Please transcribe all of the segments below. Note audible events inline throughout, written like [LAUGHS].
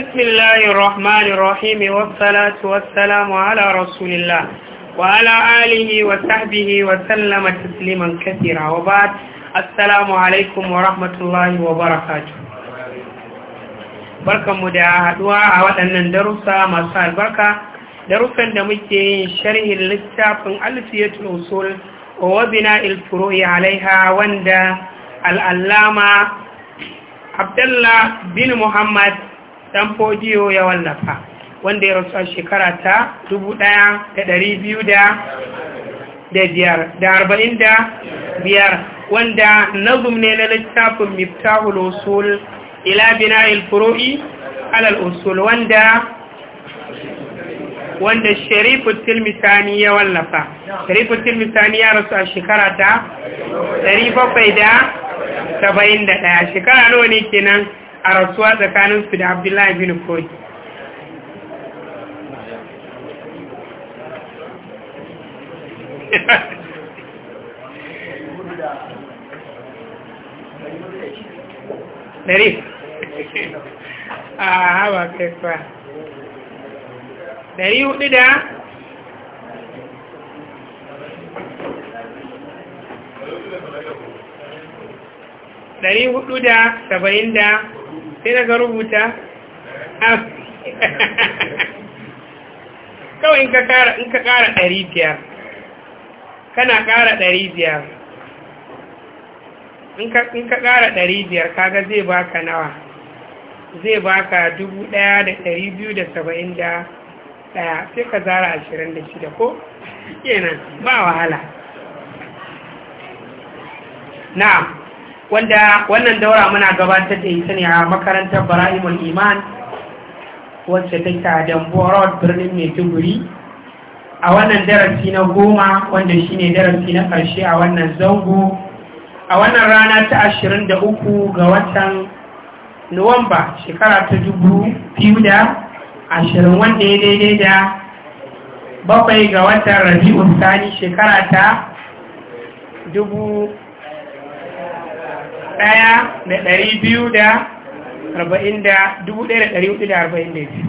بسم الله الرحمن الرحيم والصلاة والسلام على رسول الله وعلى آله وصحبه وسلم تسليما كثيرا وبعد السلام عليكم ورحمة الله وبركاته barkan mu da haduwa a waɗannan darussa masu albarka darussan da muke yin sharhin littafin alfiyatul usul wa bina al-furu'i alaiha wanda al-allama Abdullah bin Muhammad ɗan fodiyo ya wallafa wanda ya rasu a shekara ta biyar, wanda nazum ne na littafin miftahul usul ila bina'il furu'i alal usul wanda wanda sharifu tilmitani ya wallafa sharifu tilmitani ya rasu a shekara ta 771 shekara nawa ne kenan a rasuwa tsakaninsu da abdullahi bin kori ɗari a ah, hawa kaifa ɗari hudu da ɗari hudu da saba'in da sai daga rubuta kawai in ka kara ɗari biyar kana kara ɗari biyar in ka kara ɗari biyar kaga zai baka nawa zai baka dubu ɗaya da ɗari biyu da saba'in da ɗaya sai ka zara ashirin da shida ko kenan ba wahala na'am wanda wannan daura muna gabatar da ita ne a makarantar bara'imul iman wacce ta ta dambuwa road birnin maiduguri a wannan darasi na goma wanda shine darasi na ƙarshe a wannan zango a wannan rana ta ashirin da uku ga watan nuwamba shekara ta dubu biyu da ashirin wanda ya daidai da bakwai ga watan rabi'u sani shekara ta dubu ɗaya da ɗari biyu da arba'in da dubu ɗaya da ɗari hudu da arba'in da biyu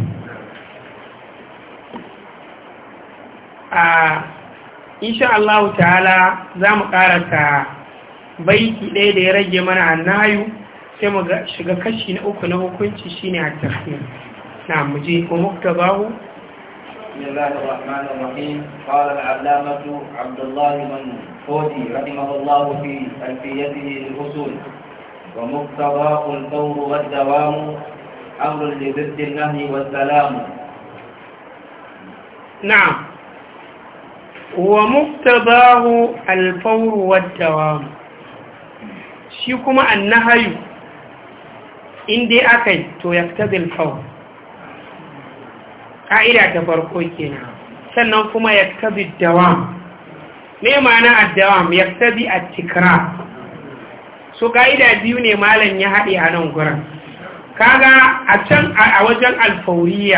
a insha Allah ta'ala za mu karanta baiki ɗaya da ya rage mana annayu sai mu shiga kashi na uku na hukunci shine a tafiya na muje wa bahu بسم الله الرحمن الرحيم قال العلامة عبد الله من فوتي رحمه الله في ألفيته للأصول ومقتضاء الفور والدوام امر لضد النهي والسلام نعم ومقتضاه الفور والدوام شي النهي ان دي اكاي تو يقتضي الفور قاعده تفرقو كينا سنن يقتضي الدوام ما معنى الدوام يقتضي التكرار so ka'ida biyu ne malam ya haɗe a nan gurin kaga a can a wajen alfauriya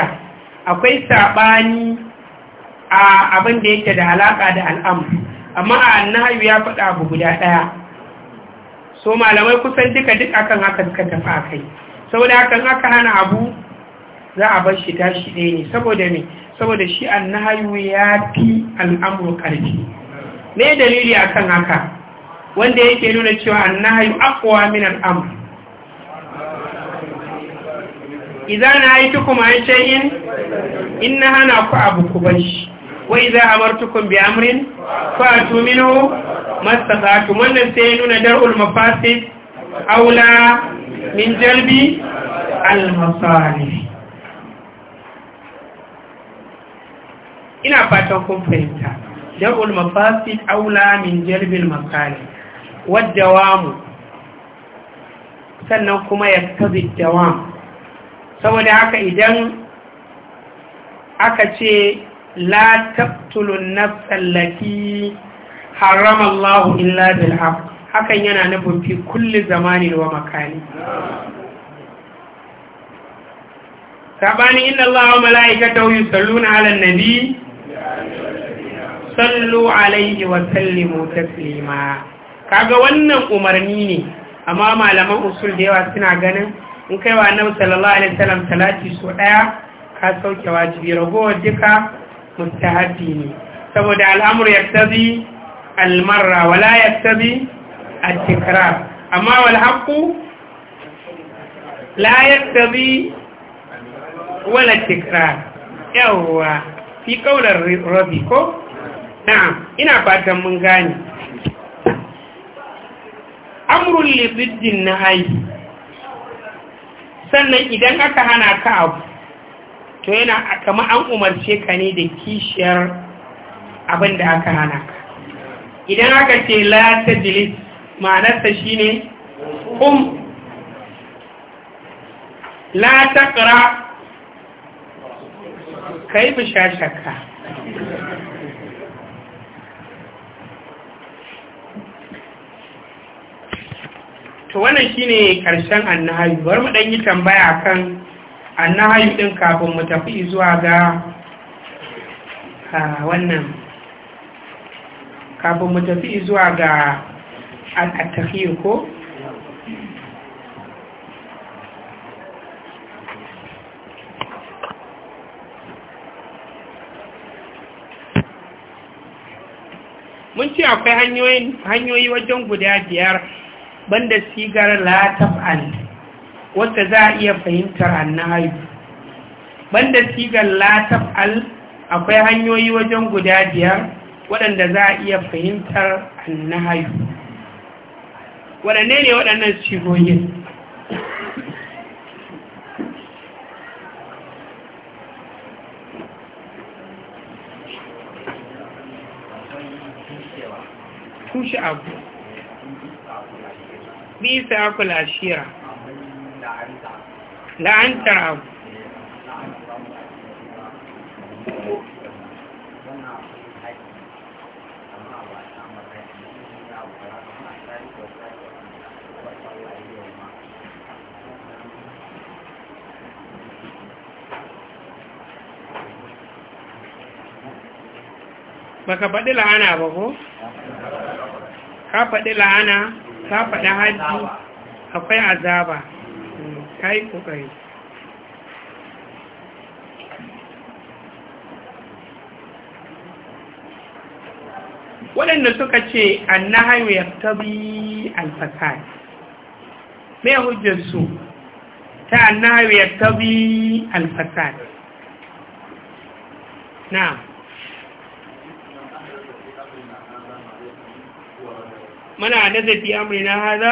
akwai saɓani a abin da yake da alaƙa da al'am amma a annahayu ya faɗa abu guda ɗaya so malamai kusan duka duk akan haka suka tafi a kai saboda hakan aka hana abu za a bar shi tashi ɗaya ne saboda me saboda shi annahayu ya fi al'amur ƙarfi me dalili akan haka wanda yake nuna cewa annahyu aqwa min al-amr idza nahaytukum an shay'in inna hana ku abu ku bashi wa idza amartukum bi amrin fa'tu minhu mastata'tum wannan sai nuna dar'ul mafasid aula min jalbi al-masalih ina fatan kun fahimta dar'ul mafasid aula min jalbi al waddawamu sannan kuma ya kazi dawam saboda haka idan aka ce la taqtulun nafsan lati harrama illa bil hakan yana nufin fi kulli zamanin wa makani sabani inna Allah wa malaikatahu yusalluna 'alan nabi sallu 'alayhi wa sallimu taslima kaga wannan umarni ne amma malaman usul da yawa suna ganin in kai wa annabi sallallahu alaihi wasallam salati so daya ka sauke wajibi ragowar duka mustahabi ne saboda al'amur yaktabi al-marra wala yaktabi al-tikrar amma wal haqqu la yaktabi wala tikrar yawa fi qaular rabi ko na'am ina fatan mun gane amrun li na haihu sannan idan aka hana ka abu to yana kamar an umarce ka ne da kishiyar abin da aka hana ka idan aka ce la ta jilis ma'anarsa shi ne kum la ta ka yi bishashaka to wannan shine karshen annahayu bari mu dan yi tambaya kan annahayu din kafin mu tafi zuwa ga ah, wannan kafin mu tafi zuwa ga al-takhir ko mun ce akwai hanyoyi wajen guda biyar banda sigar la taf'al wacce za a iya fahimtar annahi banda sigar la akwai hanyoyi wajen guda biyar waɗanda za a iya fahimtar annahi waɗanne ne waɗannan sigoyin tushe abu في سعف العشيرة لعن تعب baka faɗi la'ana ba ko? ka faɗi la'ana ka faɗa haji akwai azaba hmm, ka yi ƙoƙari waɗanda suka ce an na haihu ya tabi alfasad mai hujjarsu ta an na haihu ya tabi alfasad na من amri na haza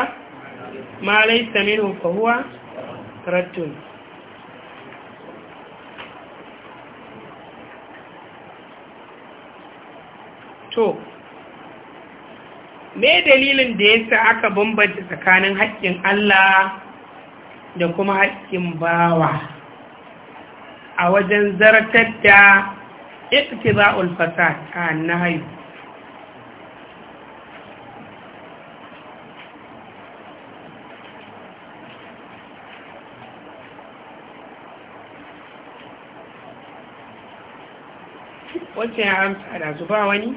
ma ما minhu fa huwa ratun to me dalilin da yasa aka bambanta tsakanin haƙƙin Allah da kuma haƙƙin bawa a wajen zartar da iktiba'ul fasad a nahayu wancan ya amsa da su ba wani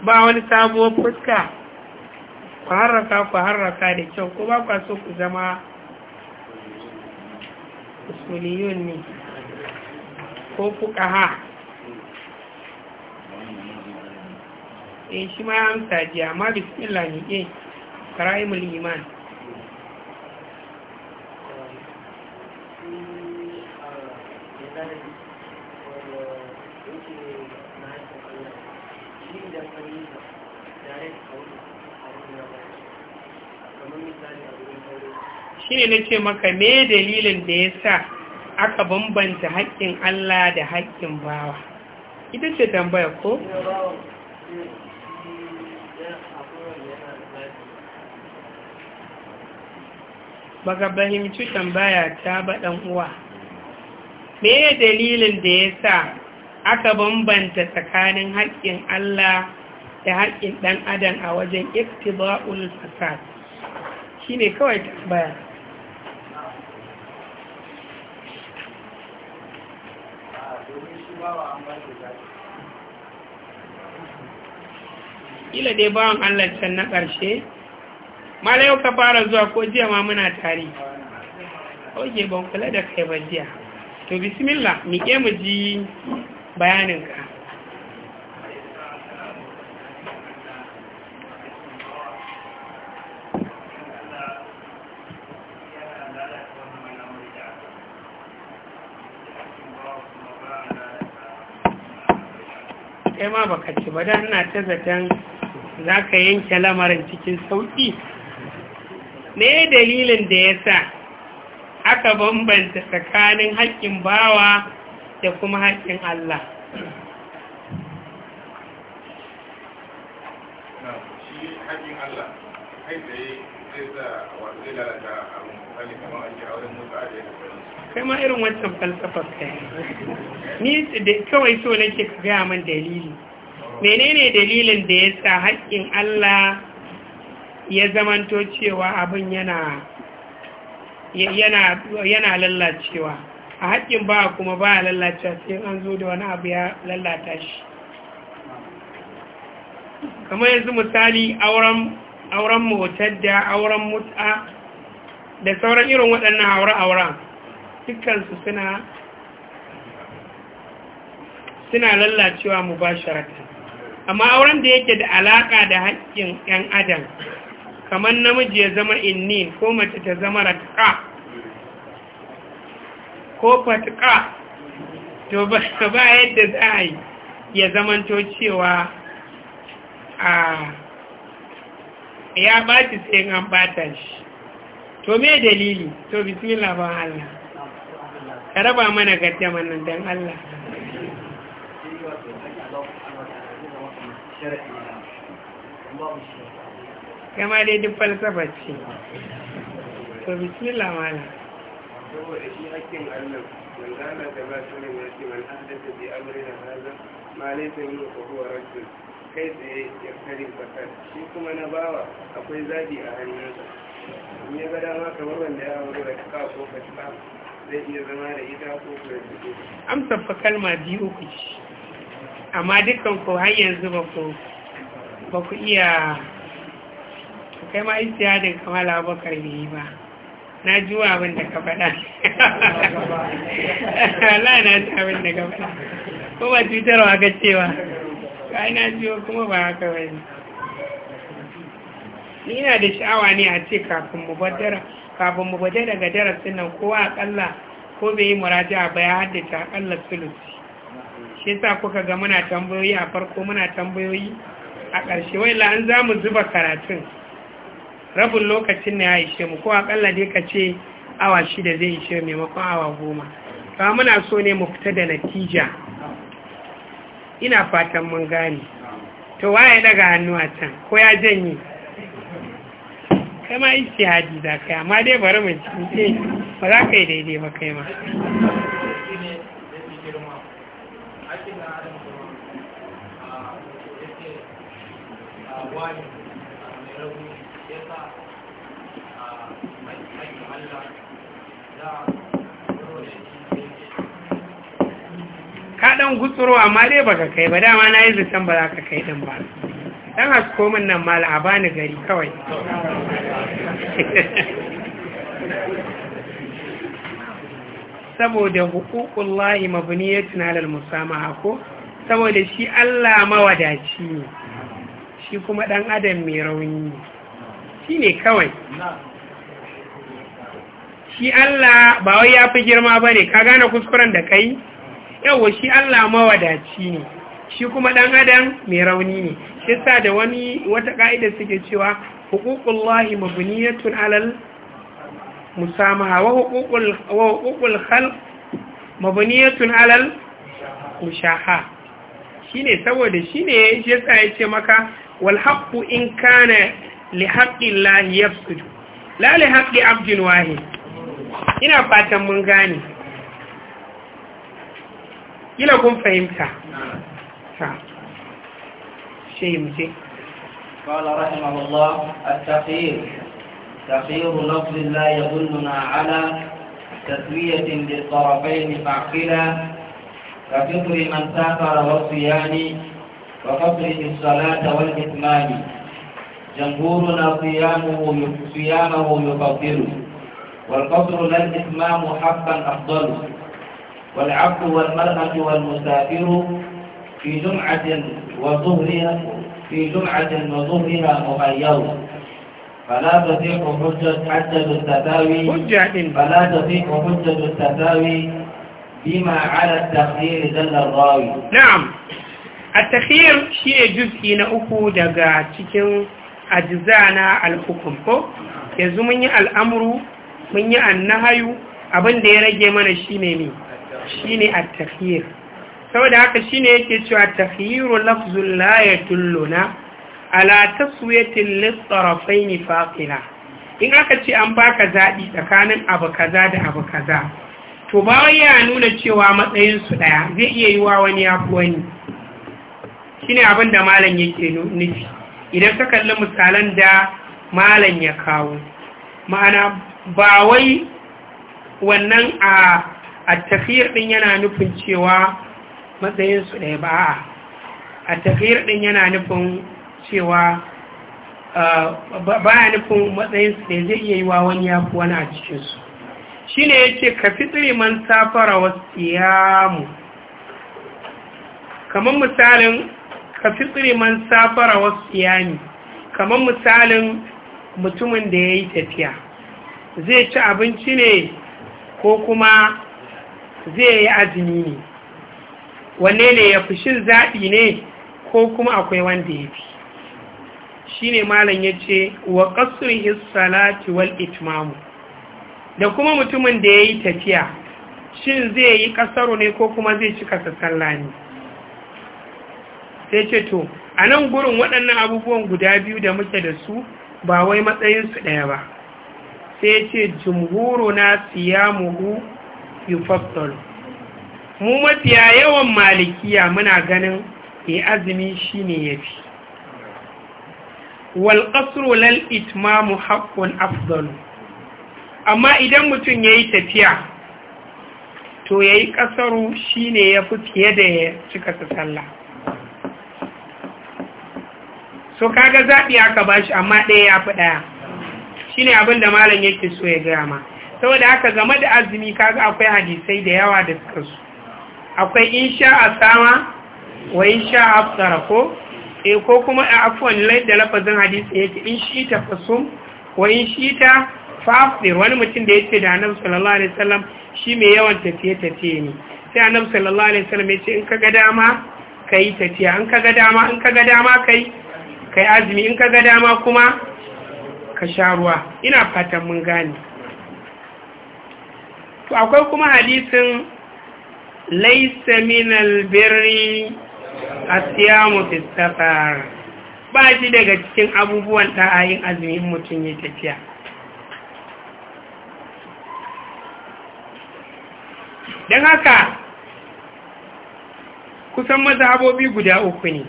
ba wani sabuwar fuska ku harraka ku harraka da kyau ko ba kwa so ku zama usuliyun ne ko ha? eh shi ma amsa ji amma bismillah ne eh, ke kara'imul iman shine nace maka me dalilin da yasa aka bambanta haƙƙin Allah da haƙƙin bawa ita ce tambaya ko baka fahimci tambaya ta baɗan uwa me dalilin da ya sa aka bambanta tsakanin haƙƙin Allah da haƙƙin ɗan adam a wajen iktiba'ul fasad ne kawai tambaya Ila dai bawan Allah can na ƙarshe mala yau ka fara zuwa ko jiya ma muna tari oge ban kula da kai ba jiya to bismillah mike mu ji bayaninka kai ma baka ci ba dan ina ta zaton zaka yanke lamarin cikin sauƙi ne dalilin da yasa aka bambanta tsakanin haƙƙin bawa da kuma haƙƙin Allah ma irin wancan falsafar yi ni da kawai so nake ka gaya min dalili menene dalilin da ya sa haƙƙin Allah ya zamanto cewa abin yana yana yana lallacewa a haƙƙin ba kuma ba lallacewa sai an zo da wani abu ya lallata shi kamar yanzu misali auren auren motar da auren mut'a da sauran irin waɗannan aure-auren dukansu suna suna lallacewa mu amma auren da yake da alaƙa da haƙƙin ƴan adam kamar namiji ya zama inni ko mace ta zama ratka ko fatka to ba yadda za a yi ya zamanto cewa a ya ɓaci sai an ta shi to me dalili to bismillah ba Allah ka raba mana gaddaman nan don Allah kama dai duk falsafa ce to bismillah mana kai tsaye ya kare fakar shi kuma na bawa akwai zafi a hannunsa ya ga dama kamar wanda ya wuri da ka ko ka zai iya amsa fa kalma biyu ku ci amma dukkan ku har yanzu ba ku iya kai ma istihadin kamala abubakar bai ba na juwa abinda ka faɗa Allah na ji abinda ka faɗa Kuma ba cutarwa ka cewa ka na jiwo kuma ba haka ba ne ina da sha'awa ne a ce kafin mu mubaddara kafin mu waje daga darasin nan kowa akalla ko bai yi muraja ba ya haddace akalla sulusi shi yasa kuka ga muna tambayoyi a farko muna tambayoyi a ƙarshe wai la'an za mu zuba karatun rabin lokacin na ya ishe mu ko akalla dai ka ce awa shida zai ishe maimakon awa goma ba muna so ne mu fita da natija ina fatan mun gane to waye daga hannu a can ko ya janye kai ma haji za kai amma dai bari cikin ci ba za ka yi daidai ba kai ma ka ɗan gutsuro amma dai ba ka kai ba dama na yi zuton ba za ka kai ɗin ba ɗan haskomin nan ma a bani gari kawai saboda hukukun lahi mabini ya tunalar musamaha ko saboda shi Allah mawadaci ne shi kuma ɗan adam mai rauni shi ne kawai shi Allah ba wai ya fi girma ba ne ka gane kuskuren da kai yawo shi Allah mawadaci ne shi kuma ɗan adam mai rauni ne kisa da wani wata ka'ida suke cewa lahi mabniyatun alal musamaha wa hukukun hal huququl alal mushaha shine saboda shine shi ya ce maka wal haqqu in kana li haqqillahi yafsudu la li haqqi abdin wahi, ina fatan mun gane ila kun fahimta شيء من شيء قال رحمه الله التخير تخير لفظ لا يدلنا على تسوية للطرفين فاعقلا كفطر من سافر والصيام وكفر الصلاة والإتمام جمهورنا صيامه صيامه يفضل والقصر لا الإتمام حقا أفضل والعبد والمرأة والمسافر في جمعة وظهرها في جمعة وظهرها مغيرة فلا تصح حجة حجة التساوي فلا تصح حجة التساوي بما على التخيير دل الراوي نعم التخيير شيء جزء أكو دقاء تكين أجزانا الحكم yanzu mun yi al'amuru mun yi annahayu abin da ya rage mana shi ne saboda haka shi ne yake cewa takhyiru lafzun la tulluna ala taswiyatin littarafai ne fafina in aka ce an baka zaɗi tsakanin abu kaza da abu kaza to ba wai ya nuna cewa matsayinsu ɗaya zai iya yi wa wani ya fi wani ne abin da malam yake nufi idan ka kalli misalan da malam ya kawo ma'ana ba wai wannan a tafiyar ɗin yana nufin cewa matsayinsu ɗaya ba a tafiyar ɗin yana nufin cewa ba ya nufin matsayinsu ɗaya zai iya yi wa wani ya fi wani a cikinsu shi ne ya ce ka fi man safara wasu yamu kamar misalin ka fi man safara wasu yami kamar misalin mutumin da ya yi tafiya zai ci abinci ne ko kuma zai yi azumi ne wanne ne ya fi shin zaɓi ne ko kuma akwai wanda ya fi shi ne malam ya ce wa ƙasurin hissalati wal itmamu da kuma mutumin da ya yi tafiya shin zai yi ƙasaro ne ko kuma zai cika sa ne sai ce to a nan gurin waɗannan abubuwan guda biyu da muke da su ba wai matsayinsu ɗaya ba sai ce jumhuru na siyamuhu yufattalu mu mafiya yawan malikiya muna ganin ya eh, azumi shine yafi wal qasru lal itmamu haqqun afdal amma idan mutum ya yi tafiya to ya yi shi ne ya fi fiye da ya cika sallah so kaga zaɓi aka bashi amma ɗaya ya fi ɗaya shine abin da malam yake so ya gama, saboda haka game da azumi kaga akwai hadisai da yawa da suka su akwai insha a sama wa insha a tsara ko e ko kuma a ah, afuwan laida lafazin hadisi ce in shi ta fasum wa in shi ta fafir wani mutum da ya ce da annabu sallallahu alaihi wasallam shi mai yawan tafiye tafiye ne sai annabu sallallahu alaihi wasallam ya ce in ka ga dama kai tafiya in ka ga dama in ka ga dama kai kai azumi in ka ga dama kuma ka sha ruwa ina fatan mun gane to akwai kuma hadisin laisa min albirri asiyamu fi ba shi daga cikin abubuwan ɗa'ayin azumin mutum ya tafiya don haka kusan mazhabobi guda uku ne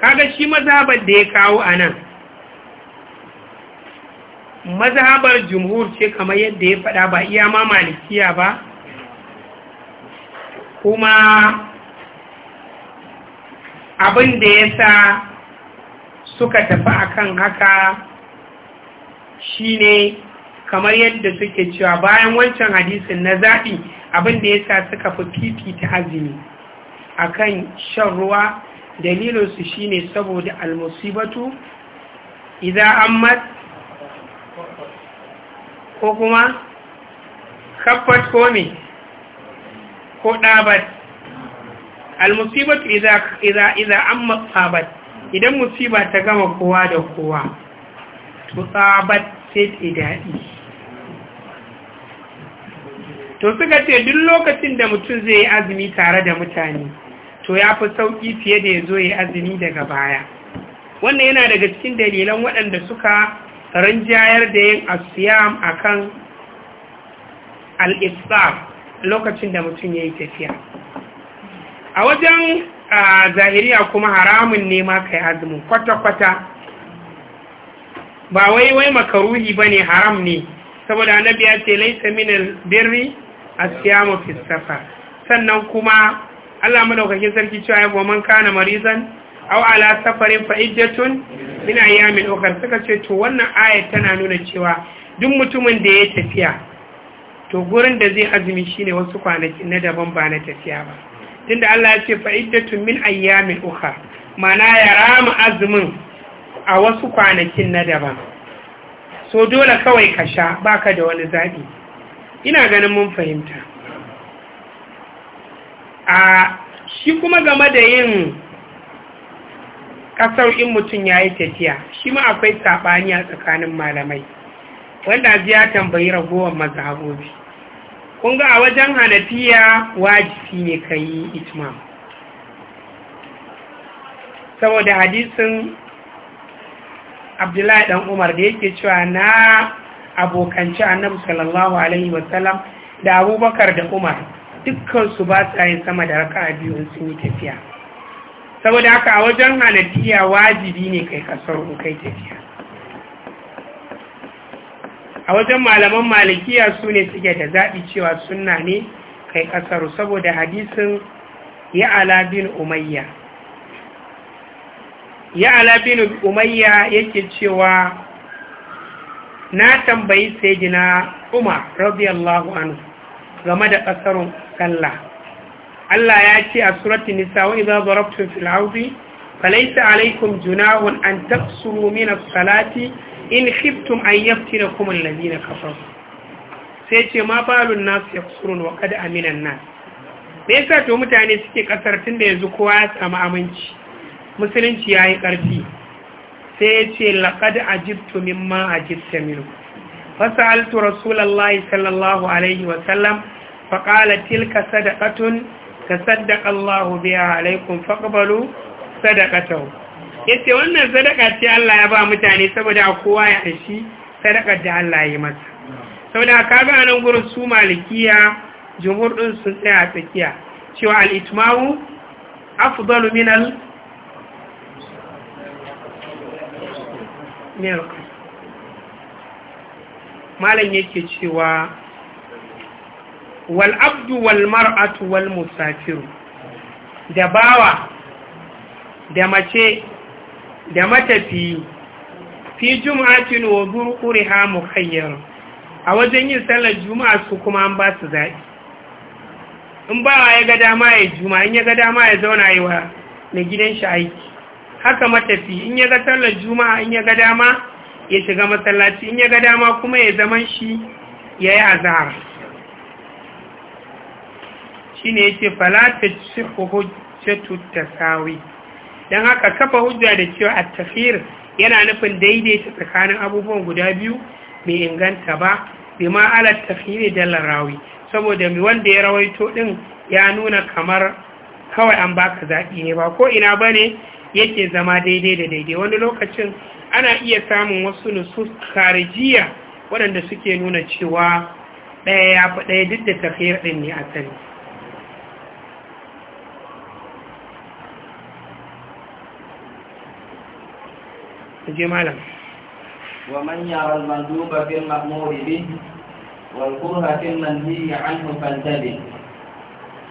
kaga shi mazhabar da ya kawo a nan mazhabar jumhur ce kamar yadda ya faɗa ba iya ma malikiya ba kuma abin da ya sa suka tafi akan haka shine kamar yadda suke cewa bayan wancan hadisin na zaɓi abin da ya sa suka fi fifita azumi kan shan ruwa dalilinsu shine saboda almusibatu idan ammat ko kuma kafat ko ko ɗabat almusibatu iza an matsabat idan musiba ta gama kowa da kowa to tutsabat sai ta daɗi to suka ce duk lokacin da mutum zai yi azumi tare da mutane to ya fi sauƙi fiye da ya zo yi azumi daga baya wannan yana daga cikin dalilan waɗanda suka rinjayar da yin asiyam akan al-ifsar lokacin da mutum ya yi tafiya a wajen zahiriya kuma haramun ne ma kai azumin kwata-kwata ba wai wai makaruhi ba ne haram ne saboda annabi ya ce laisa minal birri siya fi safar sannan kuma Allah madaukakin sarki cewa ya goman kana marizan au ala safarin fa'ijjatun ina min ayyamin ukhra suka ce to wannan aya tana nuna cewa duk mutumin da ya tafiya to gurin da zai azumi shine wasu kwanaki na daban ba na tafiya ba tunda Allah ya ce fa'iddatun min ayyamin ukha mana ya rama azumin a wasu kwanakin na daban so dole kawai ka sha baka da wani zabi ina ganin mun fahimta a shi kuma game da yin kasar in mutum ya yi tafiya shi ma akwai saɓani a tsakanin malamai wanda ya tambayi ragowar mazhabobi kun ga a wajen hanafiya wajibi ne ka yi itmam saboda hadisin abdullahi dan umar da yake cewa na abokanci annabi sallallahu alaihi wasallam da abubakar da umar dukkansu ba sa yin sama da raka a biyu sun yi tafiya saboda haka a wajen hanafiya wajibi ne kai kasar kai tafiya a wajen malaman malikiya su ne suke da zaɓi cewa sunna ne kai ƙasaru saboda hadisin ya'ala bin umayya umayya yake cewa na tambayi sai gina umar radiyallahu game da ƙasarun sallah Allah ya ce a surat nisa wa idza darabtum fil ardi alaykum junahun an taqsuru min salati in khiftum an yaftinakum alladhina kafaru sai ce ma balun nas yaksurun wa qad amina nas me yasa to mutane suke kasar tunda yanzu kowa ya samu aminci musulunci yayi karfi sai ya ce laqad ajibtu mimma ajibta minhu fasaltu rasulullahi sallallahu alaihi wa sallam faqala tilka sadaqatun tasaddaqa Allahu biha alaikum faqbalu sadaqatahu yace wannan sadaka ce Allah ya ba mutane saboda kowa ya ashi sadaka da Allah ya yi masa saboda ka ga nan gurin su malikiya jumhur din sun tsaya tsakiya cewa al-itma'u afdalu min al malam yake cewa wal abdu wal mar'atu wal musafiru da bawa da mace da matafi fi jum'atin wa ha mu mukhayyar a wajen yin sallar juma'a su kuma an ba su zaɓi in ba wa ya ga dama ya juma'a in ya ga dama ya zauna yi wa na gidan shi aiki haka matafi in ya ga sallar juma'a in ya ga dama ya shiga masallaci in ya ga dama kuma ya zama shi ya yi azahar shi ne ya ce falatar shi hujjatu tasawi don haka kafa hujja da cewa a tafiyar yana nufin daidaita tsakanin abubuwan guda biyu mai inganta ba bi ma ala tafiyar da larawi saboda mai wanda ya rawaito din ya nuna kamar kawai an baka zaɓi ne ba ko ina ba ne yake zama daidai da daidai wani lokacin ana iya samun wasu nusu karijiya waɗanda suke nuna cewa ɗaya ya fi ɗaya duk da tafiyar ɗin ne a sani. ومن يرى المندوب في المأمور به والكره في المنهي عنه فانتبه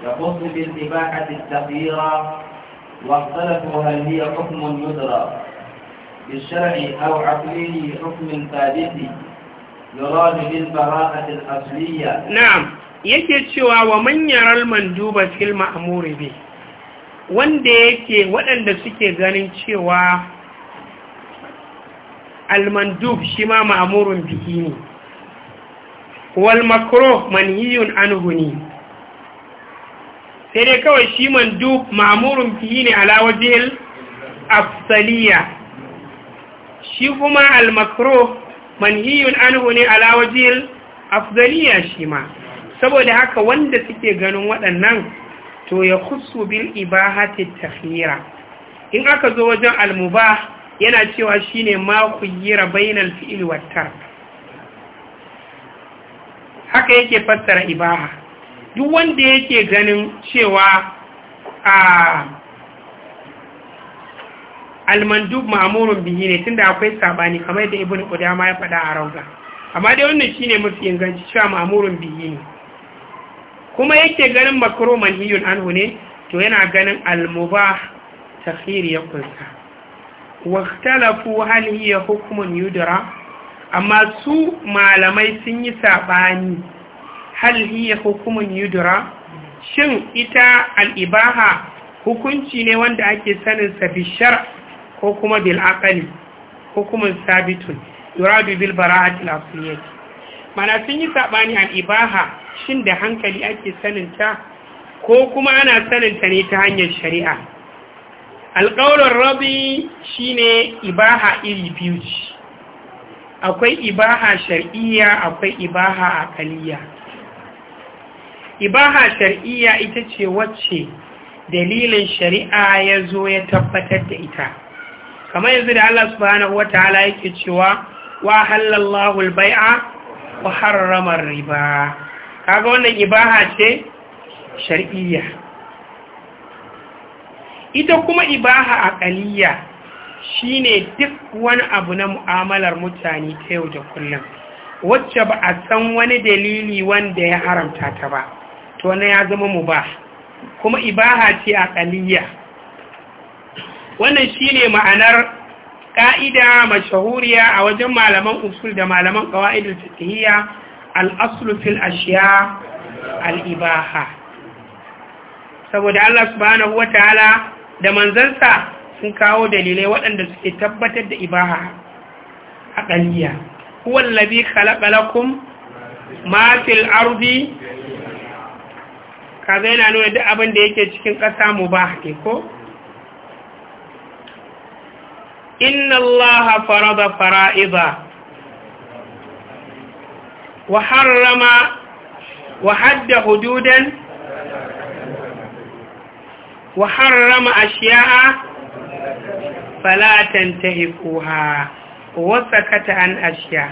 يخص بالإباحة التغييرة واختلفوا هل هي حكم يدرى بالشرع أو عقلي حكم ثابت يراد بالبراءة الأصلية نعم يجد شوى ومن يرى المندوب في المأمور به wanda yake waɗanda suke ganin cewa almandub shi ma ma'amurun biki ne Walmakro makro manhiyun anhu ne sai dai kawai shi mandub ma'amurin biki ne ala wajhil afsaliya shi kuma al makro manhiyun anhu ne ala wajhil afdaliya shi ma saboda haka wanda suke ganin waɗannan to ya kusu bil ibahati takhira in aka zo wajen almubah yana cewa shi ne maku bainal fi'l wat haka yake fassara ibaha duk wanda yake ganin cewa a almandub ma'amurin bihi ne tunda akwai sabani kamar da ibnu ma ya faɗa a rauga. amma dai wannan ne mafi inganci cewa ma'amurin bihi ne kuma yake ganin makruh manhiyun anhu ne to yana ganin ta khiri ya kunsa waktalafu هل هي حكم amma su malamai sun yi سني hal هل هي حكم يدرى Shin ita الإباحة hukunci ne wanda ake sanin sa bi shar ko kuma bil hukumun sabitun yuradu bil bara'atil asliyah mana sun yi sabani al ibaha shin da hankali ake sanin ta ko kuma ana saninta ne ta hanyar shari'a alƙaunar rabi shine ibaha iri biyu ce akwai ibaha shar'iyya akwai ibaha a akaliya ibaha shar'iyya ita ce wacce dalilin shari'a ya zo ya tabbatar da ita kamar yanzu da Allah subhanahu wataala yake cewa wa halallahu al-bai'a wa harrama riba kaga wannan ibaha ce shar'iyya ita kuma ibaha a shi shine duk wani abu na mu'amalar mutane ta yau da kullum wacce ba a san wani dalili wanda ya haramta ta ba to na ya zama mu ba, kuma ibaha ce a ƙaliya wannan shine ma'anar ƙa'ida mashahuriya a wajen malaman usul da malaman ƙawa'idar fitihiyya al fil ashiya al'ibaha saboda Allah subhanahu wa ta'ala da manzansa sun kawo dalilai waɗanda suke tabbatar da ibaha a ƙaliya wallabi khalaqalakum ma fil kaza yana nuna duk abin da yake cikin ƙasa mu ba ne ko inna allaha farada fara'iza wa harrama wa hadda hududan wa harrama ashiya'a fala tantahiquha wa sakata an ashiya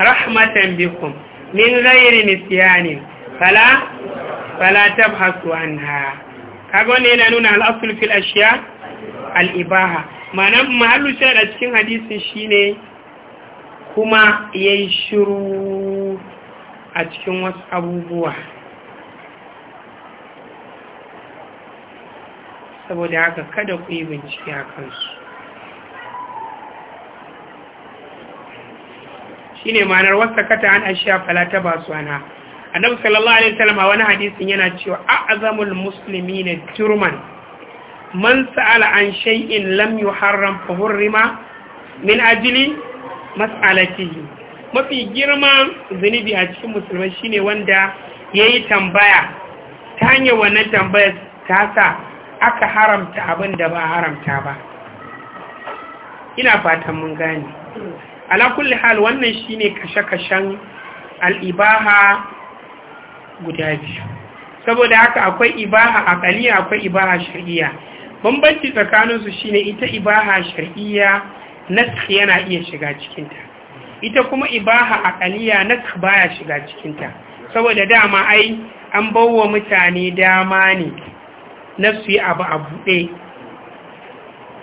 rahmatan bikum min ghairi nisyanin fala fala tabhasu anha kaga wannan yana nuna al-asl fil ashiya al-ibaha ma'anan mahallu shi a cikin hadisi shine kuma yayi shiru a cikin wasu abubuwa saboda haka kada ku yi bincike a kansu shi ne ma'anar wasa kata an ashiya falata ba su ana annabi sallallahu alaihi wasallam wani hadisin yana cewa a'zamul ne turman man sa'ala an shay'in lam yuharram fa hurrima min ajli mas'alatihi mafi girma zunubi a cikin musulmai shine wanda yayi tambaya ta hanyar wannan tambayar ta sa aka haramta abin da ba haramta ba ina fatan mun gane ala kulli hal wannan shine kashe-kashen al'ibaha guda biyu saboda haka akwai ibaha aqaliya akwai ibaha shar'iyya bambanci tsakaninsu su shine ita ibaha shar'iyya nask yana iya shiga cikin ita kuma ibaha a ƙaliya nask baya shiga cikinta. ta saboda dama ai an wa mutane dama ne nafsi abu a buɗe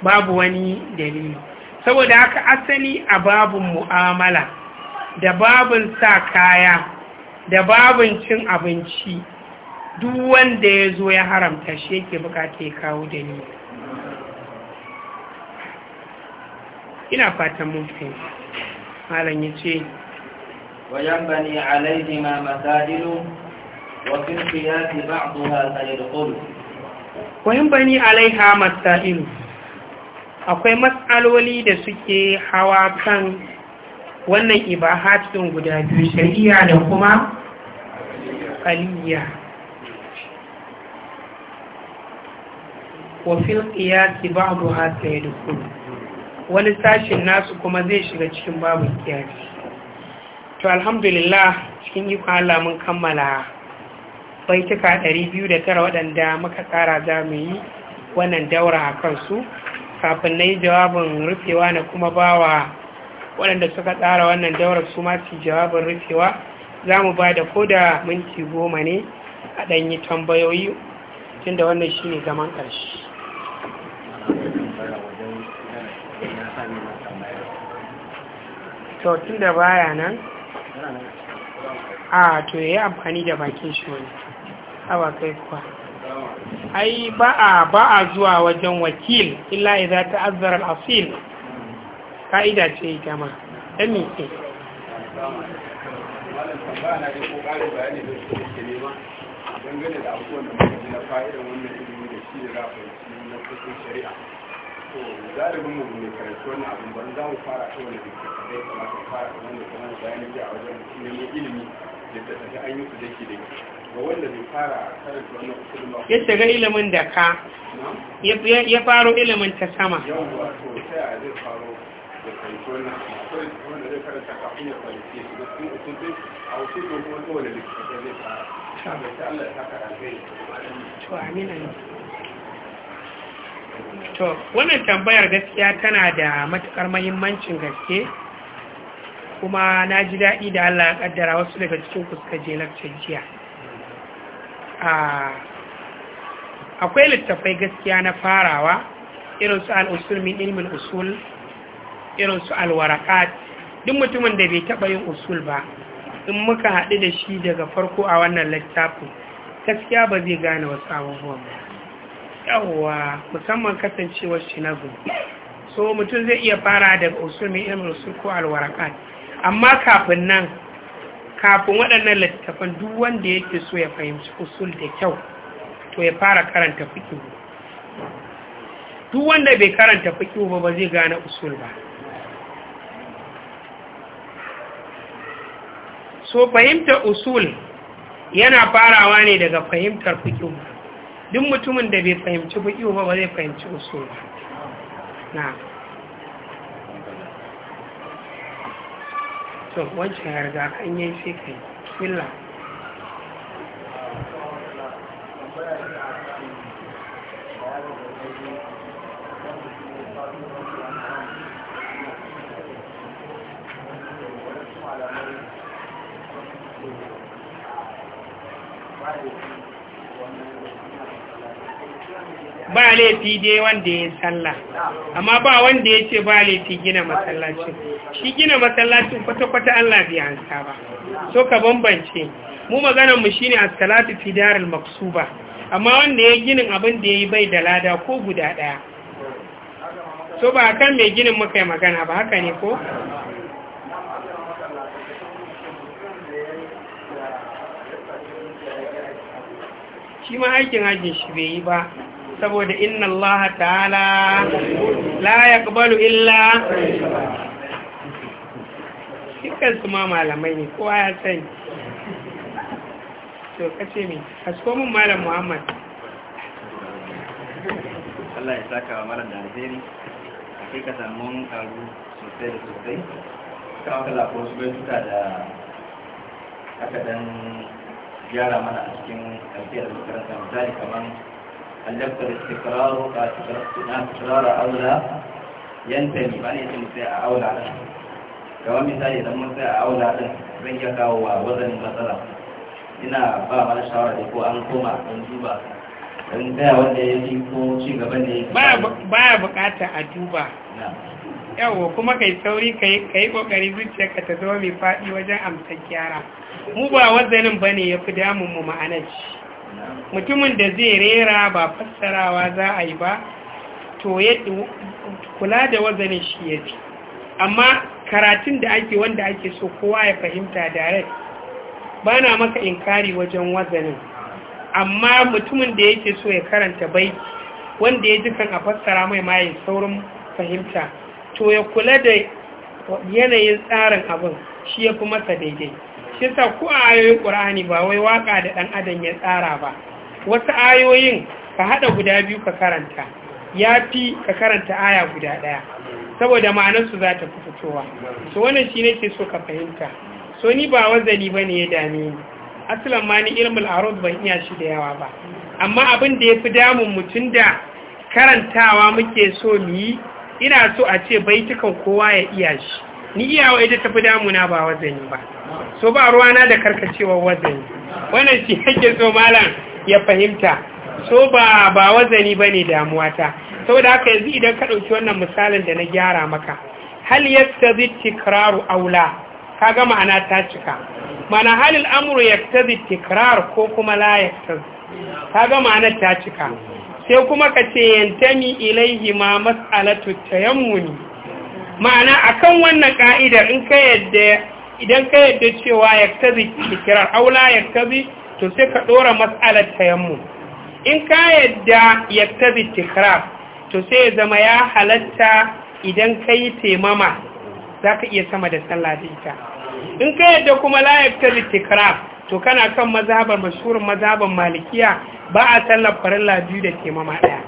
babu wani dalili saboda haka asali a babin mu'amala da babin sa kaya da babin cin abinci duk wanda ya zo ya haramta shi yake bukata ya kawo dalili ina fatan mun fahimta malam ya ce Wajen wa عليهما مسائل وفي القياس بعضها سيدخل wayin bani alaiha masa'ilu akwai matsaloli da suke hawa kan wannan ibahatun guda biyu shari'a da kuma aliyya wafil ƙiyasi ba mu hata ya duku wani sashin nasu kuma zai shiga cikin babu ƙiyasi to alhamdulillah cikin yi Allah mun kammala baituka 209 waɗanda muka tsara za mu yi wannan daura a kansu kafin na yi jawabin rufewa na kuma ba wa waɗanda suka tsara wannan daura su masu jawabin rufewa za mu ba da ko da minti goma ne a ɗanyi tambayoyi tun da wannan shi ne zaman ƙarshe to tun da baya nan a to ya yi amfani da bakin shi wani awakai kuwa ai ba a ba a zuwa wajen wakil illa idan ta azzarar asil ka'ida ce ita ma ɗan mike dangane da abubuwan da muka ji na fa'idan wannan ilimi da shi da rafanci na kusan shari'a to zarabin mu ne karatu wannan abin ban za mu fara ta wani dukkan kadai kamata mu fara ta wani kamar bayanin da a wajen neman ilimi da ta tafi an yi da ke da ya shiga ilimin da ka ya faro ilimin ta sama to wannan tambayar gaskiya tana da matukar mahimmancin gaske kuma na ji daɗi da Allah ya ƙaddara wasu daga cikin kuskaje je lakcin jiya akwai littafai gaskiya na farawa irin su al'usul min ilmin usul irin su alwarakat duk mutumin da bai taɓa yin usul ba in muka haɗu da shi daga farko a wannan littafin gaskiya ba zai gane wasu abubuwan ba yawwa musamman kasancewar shinagun so mutum zai iya fara daga usul mai ilmin usul ko alwarakat amma kafin nan kafin waɗannan littattafan duk wanda yake so ya fahimci usul da kyau to ya fara karanta fikihu duk wanda bai karanta fikihu ba ba zai gane usul ba so fahimtar usul yana farawa ne daga fahimtar fikihu duk mutumin da bai fahimci fikihu ba ba zai fahimci usul ba Na. to wancan ya riga kan yi sai ka yi bismillah Thank you. ba laifi dai wanda ya sallah amma ba wanda ya ce ba laifi gina masallacin shi gina masallacin kwata-kwata Allah bai hansa ba so ka bambance mu maganarmu mu shine as-salatu fi daril maksuba amma wanda ya ginin abin da yi bai da lada ko guda daya so ba kan mai ginin muka yi magana ba haka ne ko shi ma aikin hajjin shi bai yi ba saboda inna Allah ta'ala la kubalu illa ma malamai ne kowa ya sani to kace me asko mun malam Muhammad Allah ya saka wa malam da alheri hakikatan mun karu sosai da sosai kawo kala ko su bai suka da aka dan gyara mana a cikin alfiyar makaranta misali kamar أجبت الاستقرار استقرار أولى ينتمي بأن يتم ساعة أولى kamar misali idan mun tsaya a aula din zan iya kawo wa wazanin matsala ina ba mana shawara da ko an koma an duba don tsaya wanda ya fi ko ci gaban da ya baya bukata a duba yawo kuma kai sauri ka yi kokari zuciya ka ta zama mai faɗi wajen amsar gyara mu ba wazanin ba ne ya fi damun mu ma'anar mutumin da zai rera ba fassarawa za a yi ba to kula da wazanin shi ya fi amma karatun da ake wanda ake so kowa ya fahimta direct ba na maka inkari wajen wazanin amma mutumin da yake so ya karanta bai wanda ya jikan a fassara mai mayan saurin fahimta to ya kula da yanayin tsarin abin shi ya fi masa daidai shi sa ku a ayoyin ƙur'ani ba wai waƙa da ɗan adam ya tsara ba wasu ayoyin ka haɗa guda biyu ka karanta ya fi ka karanta aya guda ɗaya saboda ma'anarsu za ta fi fitowa so wannan shi nake so ka fahimta so ni ba wazali ba ne ya dame ni asalin ma ni ilmul arud ban iya shi da yawa ba amma abin da ya fi damun mutum da karantawa muke so mu yi ina so a ce baitukan kowa ya iya shi ni iyawa ita ta fi damuna ba wazani ba so ba na da karkacewar wazani wannan shi yake so malam ya fahimta so ba ba wazani bane damuwata saboda haka yanzu idan ka ɗauki wannan misalin da na gyara maka hal yaktazi tikraru aula kaga ma'ana ta cika mana halil amru yaktazi tikrar ko kuma la yaktazi kaga ma'ana ta cika sai kuma ka ce yantami ilaihi ma mas'alatu tayammuni ma'ana akan wannan ka'idar in ka yadda idan ka yadda cewa ya kazi kirar aula ya kazi to sai ka ɗora matsalar tayammu in ka yadda ya kazi kikirar to sai ya zama ya halatta idan ka yi taimama za ka iya sama da sallah da ita in ka yadda kuma la ya kazi to kana kan mazhabar mashurin mazhabar malikiya ba a sallar farin biyu da taimama ɗaya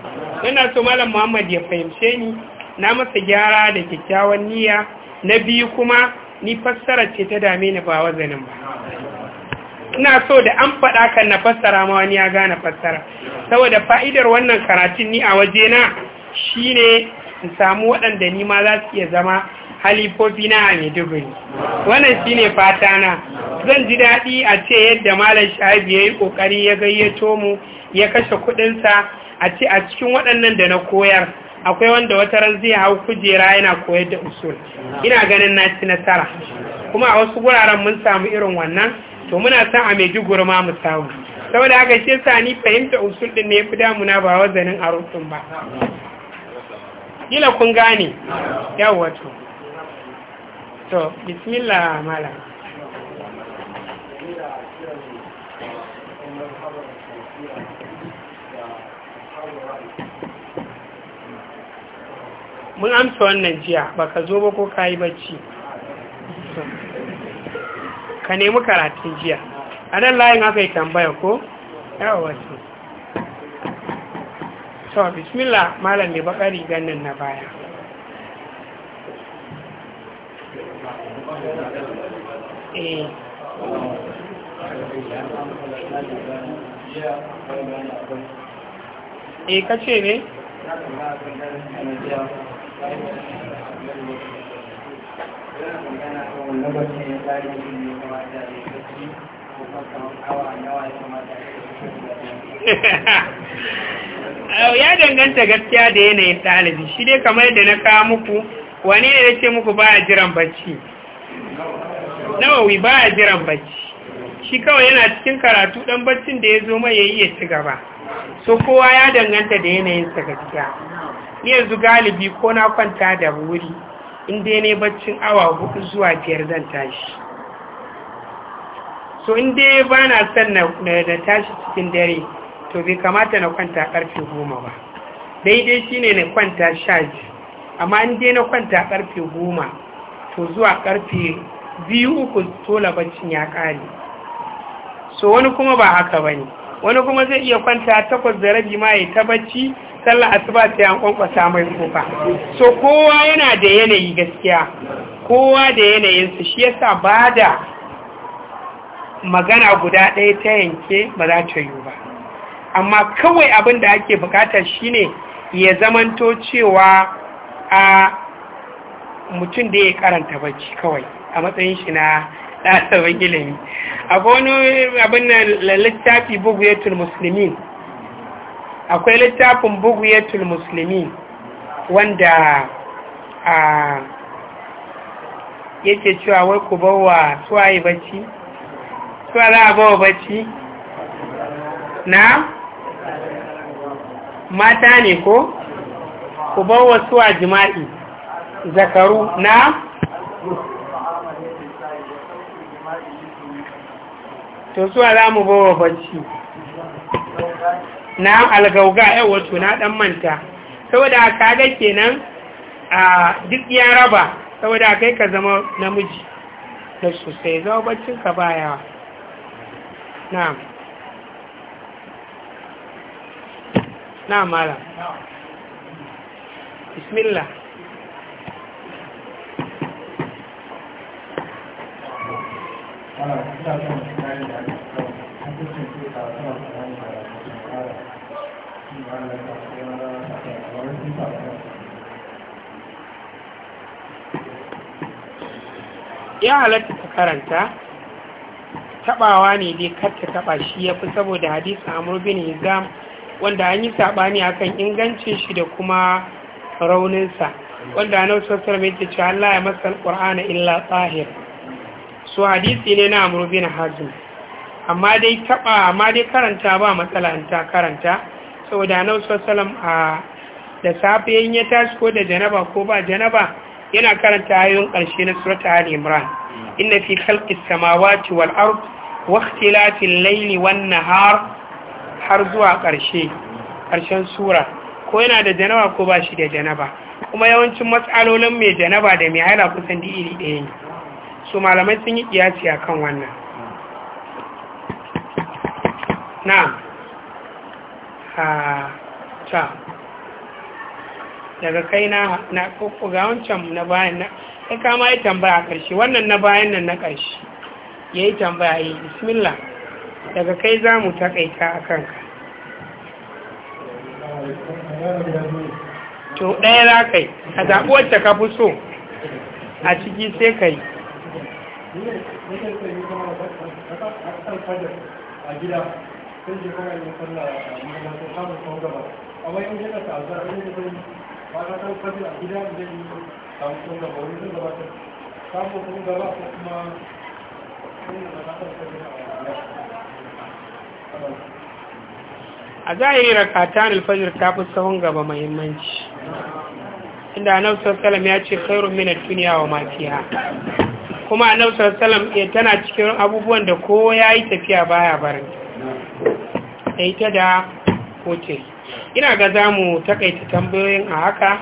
yana so malam muhammad ya fahimce ni na masa gyara da kyakkyawan niyya na biyu kuma ni fassara ce ta dame ni ba wazanin ba ina so da an faɗa kan na fassara ma wani ya gane fassara saboda fa'idar wannan karatun ni a wajena shine in samu waɗanda ni ma za su iya zama halifofi na a maiduguri wannan shine fata na zan ji daɗi a ce yadda malam shahabi ya yi ƙoƙari ya gayyato mu ya kashe kuɗinsa a ce a cikin waɗannan da na koyar akwai wanda wata ran zai hau kujera yana koyar da usul ina ganin na ci nasara kuma a wasu guraren mun samu irin wannan to muna san a jigur ma mu samu saboda haka shi yasa ni fahimta usul din ne ya fi damuna ba wazanin arutun ba kila kun gane yawa to to bismillah mun amsa wannan jiya ba ka zo ba ko ka yi bacci ka nemi karatun jiya a nan layin aka yi tambaya ko yawon wasu so bismillah malam mai bakari ganin na baya e ka kace ne [LAUGHS] ya danganta gaskiya da yanayin ɗalibi shi dai kamar da na kawo muku wani ne da muku ba a jiran bacci nawawi ba a jiran bacci shi kawai yana cikin karatu ɗan baccin da ya zo mai ya ya ci gaba so kowa ya danganta da yanayin yanayinsa gaskiya ni yanzu galibi ko na kwanta da wuri inda ne baccin awa hudu zuwa biyar zan tashi so inda ba na son na tashi cikin dare to bai kamata na kwanta karfe goma ba daidai shine na kwanta sha biyu amma inda na kwanta karfe goma to zuwa karfe biyu uku tola baccin ya kare so wani kuma ba haka ba ne wani kuma zai iya kwanta takwas da rabi ma ya ta bacci sallar asuba sai an kwankwasa mai kofa so kowa yana da yanayi gaskiya kowa da yanayinsu shi yasa ba da magana guda ɗaya ta yanke ba za ta yiwu ba amma kawai abin da ake bukata ne ya zamanto cewa a mutum da ya karanta bacci kawai a matsayin shi na ɗasabin ilimi abin na littafi bugu ya musulmi akwai littafin buguyatul musulmi wanda a yake cewa wai ku bawa suwaye bacci suwa za a bawa bacci na mata ne ko ku bawa suwa jima'i zakaru na to suwa za mu bawa bacci na algauga wato na dan manta saboda kaga kenan a duk ya raba saboda kai ka zama namiji da sosai zama baccin ka baya na'am na'am mala bismillah ya halatta ka karanta taɓawa ne dai karta taba shi ya fi saboda hadisun amurbin izam wanda an yi saɓani akan kan ingancin shi da kuma rauninsa wanda na wasu wasu mai Allah ya masar ƙwar'ana illa tsahir so hadisi ne na amurbin hajjin amma dai taɓa amma dai karanta ba matsala in ta karanta saboda na wasu wasu a da safe yin ya tashi ko da janaba ko ba janaba yana karanta ayoyin ƙarshe na surata Ali Imran inna fi khalqis samawati wal ard wa al layli wan nahar har zuwa ƙarshe ƙarshen sura ko yana da janaba ko ba shi da janaba kuma yawancin matsalolin mai janaba da mai haila kusan di iri ɗaya ne su malamai sun yi kiyasi kan wannan na ta daga kai na ga wancan na bayan na ya kama yi tambaya a ƙarshe wannan na bayan nan na ƙarshe ya yi tambaya yi eh, bismillah daga kai za mu taƙaita a kanka to ɗaya za kai, a zaɓi wacce ka fi so a ciki sai ka yi sallah a samun kawo gaba a yana ba ta a gida da yi gaba ko kuma sun a zahiri rakatan alfajir ta fi sahun gaba mahimmanci inda anausar salam ya ce khairun mina duniya wa mafiya kuma anausar salam ya tana cikin abubuwan da kowa ya yi tafiya baya barin da ita da hotel ina ga za mu takaita tambayoyin a haka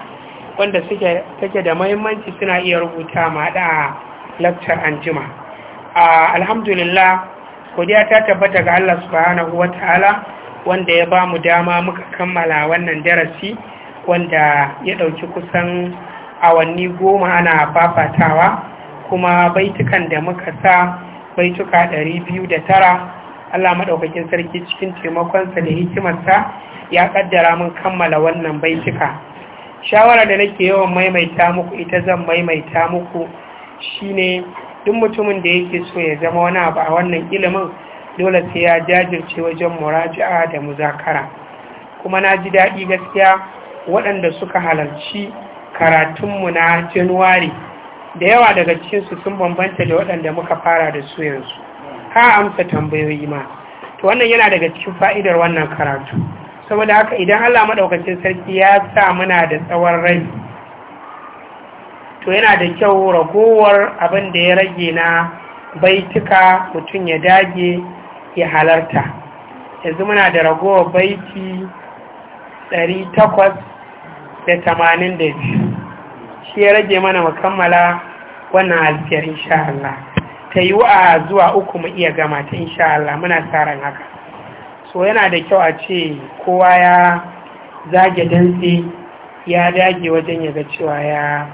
wanda suke take da mahimmanci suna iya rubuta ma a lakcar anjima alhamdulillah Kodiya ta tabbata ga Allah subhanahu wataala wanda ya ba mu dama muka kammala wannan darasi wanda ya ɗauki kusan awanni goma ana fafatawa kuma baitukan da muka sa baituka ɗari biyu da tara, Allah maɗaukakin sarki cikin taimakonsa da hikimarsa ya kaddara mun kammala wannan baitika shawara da nake yawan maimaita muku ita zan maimaita muku shine duk mutumin da yake so ya zama wani abu a wannan ilimin dole sai ya jajirce wajen muraja'a da muzakara kuma na ji daɗi gaskiya waɗanda suka halarci karatunmu na januwari da yawa daga cikinsu sun bambanta da waɗanda muka fara da su yanzu Ka amsa tambayoyi ma to wannan yana daga cikin fa'idar wannan karatu saboda haka idan Allah maɗaukacin sarki ya sa muna da tsawon rai to yana da kyau ragowar abin da ya rage na baituka mutum ya dage ya halarta yanzu muna da ragowar baiti 882 shi ya rage mana makammala wannan alfiyar insha Allah ta yi wa zuwa uku mu iya gama ta insha Allah muna sa ran haka so yana da kyau a ce kowa ya zage dantse ya dage wajen ya ga cewa ya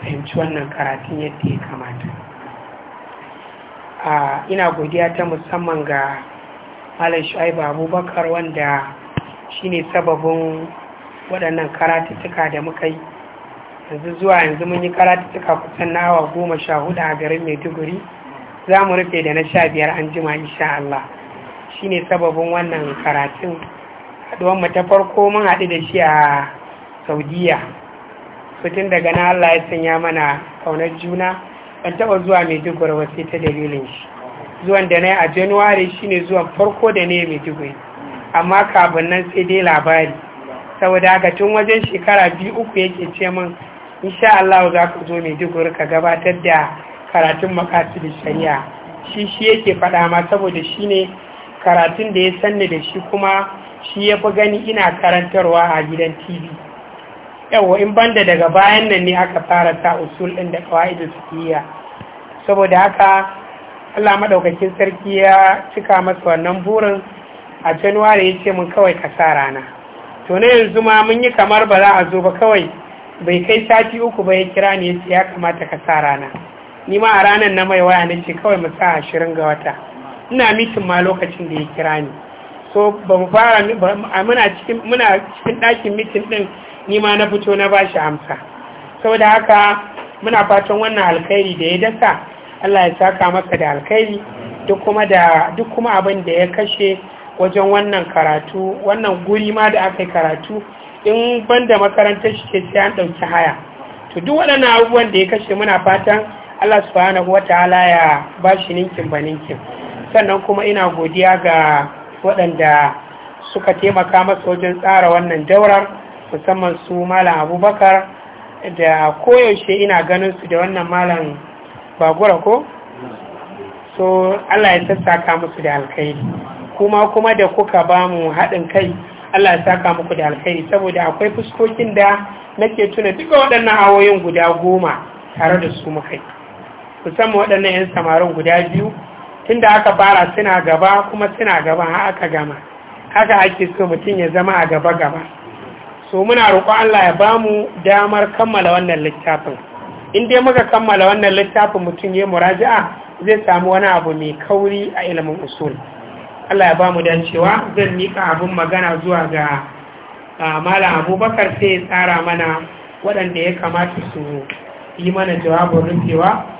fahimci wannan karatun yadda ya kamata a ina godiya ta musamman ga malam shu'aibu abubakar wanda shine sababin waɗannan karatuttuka da muka yi yanzu zuwa yanzu mun yi karatuttuka kusan na awa goma sha hudu a garin maiduguri za mu rufe da na sha biyar an jima insha Allah shine sababin wannan karatun haduwan mu ta farko mun haɗu da shi a saudiya fitin daga na allah ya sanya mana kaunar juna ban taɓa zuwa maiduguri ba sai ta dalilin shi zuwan da na yi a januwari shine zuwan farko da ne maiduguri amma kabin nan sai dai labari saboda haka tun wajen shekara biyu uku yake ce min insha allahu za ku zo mai maiduguri ka gabatar da karatun makasudin shari'a shi shi yake faɗa ma saboda shi ne karatun da ya sanni da shi kuma shi ya fi gani ina karantarwa a gidan tv Yau, in banda daga bayan nan ne aka fara ta usul ɗin da su iya saboda haka Allah maɗaukakin sarki ya cika masa wannan burin a Januwari ya ce mun kawai kasa rana to na yanzu ma mun yi kamar ba za a zo ba kawai bai kai sati uku ba ya kira ni ya ya kamata kasa rana ni ma a ranar na mai waya na ce kawai mu sa ashirin ga wata ina mitin ma lokacin da ya kira ni so ba mu fara muna cikin ɗakin mitin ɗin ni ma na fito na bashi amsa saboda haka muna fatan wannan alkhairi da ya dasa Allah ya saka maka da alkhairi duk kuma abin da ya kashe wajen wannan karatu wannan guri ma da aka karatu in banda makarantar shi ke sai an ɗauki haya to duk waɗannan abubuwan da ya kashe muna fatan Allah subhanahu ta'ala ya bashi ninkin ba ninkin sannan kuma ina godiya ga waɗanda suka taimaka masa wajen tsara wannan daurar musamman su malam abubakar da koyaushe ina ganin su da wannan malam bagura ko so allah ya sassaka musu da alkhairi kuma kuma da kuka ba mu haɗin kai allah ya saka muku da alkhairi saboda akwai fuskokin da nake tuna duka waɗannan awoyin guda goma tare da su mukai musamman waɗannan 'yan samarin guda biyu tunda aka fara suna gaba kuma suna gaba ha aka gama haka ake so mutum ya zama a gaba gaba so muna roƙon Allah ya bamu damar kammala wannan littafin in dai muka kammala wannan littafin mutum ya muraja'a zai samu wani abu mai kauri a ilimin usul Allah ya bamu dan cewa zan mika abin magana zuwa ga malam Abubakar sai ya tsara mana waɗanda ya kamata su yi mana jawabin rufewa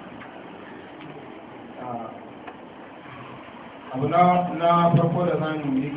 abu na farko da zan yi